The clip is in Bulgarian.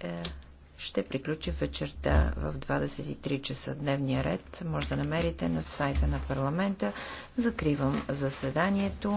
Е, ще приключи вечерта в 23 часа дневния ред. Може да намерите на сайта на парламента. Закривам заседанието.